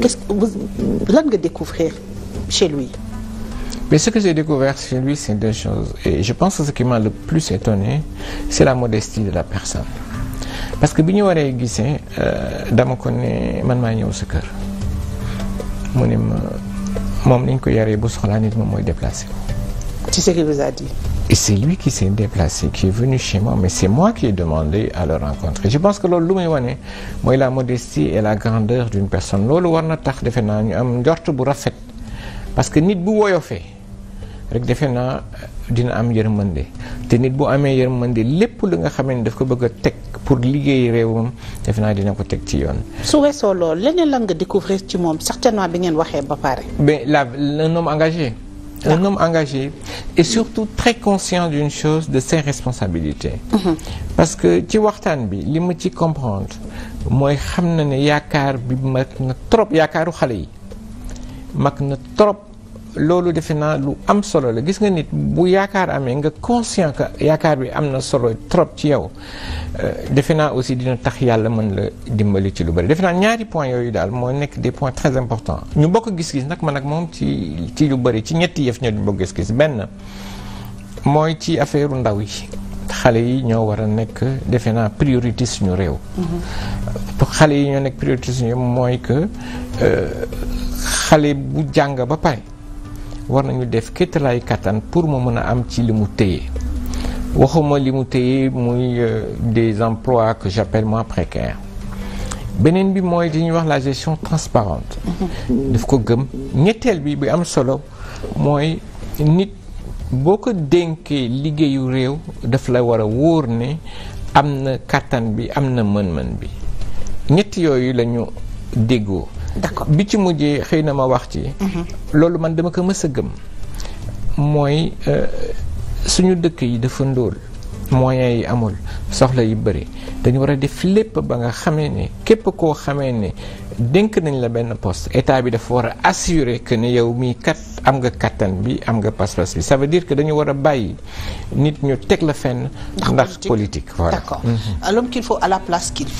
qu'est-ce que lan nga découvrir chez lui mais ce que j'ai découvert chez lui c'est deux choses et je pense que ce qui m'a le plus étonné c'est la modestie de la personne parce que bi ñu waree gisee euh, dama ko man maa ñëw sa kër mu moom ni ñu ko yaree bu soxlaa nit moom mooy déplacé. c'est ce qu'il vous a dit. et c'est lui qui s'est déplacé qui est venu chez mais c'est moi qui ai demandé à le rencontrer je pense que loolu lu may wane mooy la modestie et la grandeur d'une personne loolu war na tax defe naa ñu am njort bu rafet parce que nit bu woyofee rek defe naa euh, dina am yër yërmande te nit bu amee mën de lépp lu nga xam ne daf ko bëgg a teg pour liggéey réewam defe naa dina ko teg ci yoon. su weesoo loolu leneen lan nga découvrir ci moom certainement bi ngeen waxee ba pare. mais la un homme un homme engagé est surtout très conscient d'une chose de ses responsabilités mm-hmm. parce que ci waxtaan bi li ma ci comprendre mooy xam na ne yaakaar bi mag na trop yaakaaru xale yi mag na trop loolu defe naa lu am solo la gis nga nit bu yaakaar amee nga conscient que yaakaar bi am na solo trop ci yow euh, defe naa aussi dina tax yàlla mën la dimbali ci lu bëri defe naa ñaari points yooyu daal moo nekk des points très importants ñu bokk gis-gis nag man ak moom ci ci lu bëri ci ñetti yëf ñoo bokk gis-gis benn mooy ci affaire ndaw yi xale yi ñoo war a nekk defe naa priorité suñu réew mm-hmm. xale yi ñoo nekk priorité suñu réew mooy que euh, xale bu jàng ba pare war nañu def kéttalaay kattan pour mu mën a am ci li mu téye waxuma li mu téye muy euh, des emplois que j'appelle moins précaires beneen bi mooy li wax la gestion transparente daf ko gëm ñetteel bi bi am solo mooy nit boo ko dénkee liggéeyu réew daf la war a wóor ne am na kàttan bi am na mën-mën bi ñett yooyu lañu déggoo d'accord bi ci mujjee xëy na ma wax ci. Mhm. loolu man dama ko mës a gëm. mooy euh, suñu dëkk yi dafa ndóol moyens yi amul soxla yu bëri dañu war a def lépp ba nga xamee ne képp koo xamee ne dénk nañ la benn post état bi dafa war a assurer que ne yow mii kat am nga kattan bi am nga pas-pas bi ça veut dire que dañu war a bàyyi nit ñu teg la fenn. ndax politique voilà. d'accord mhm. alors à la place qu'il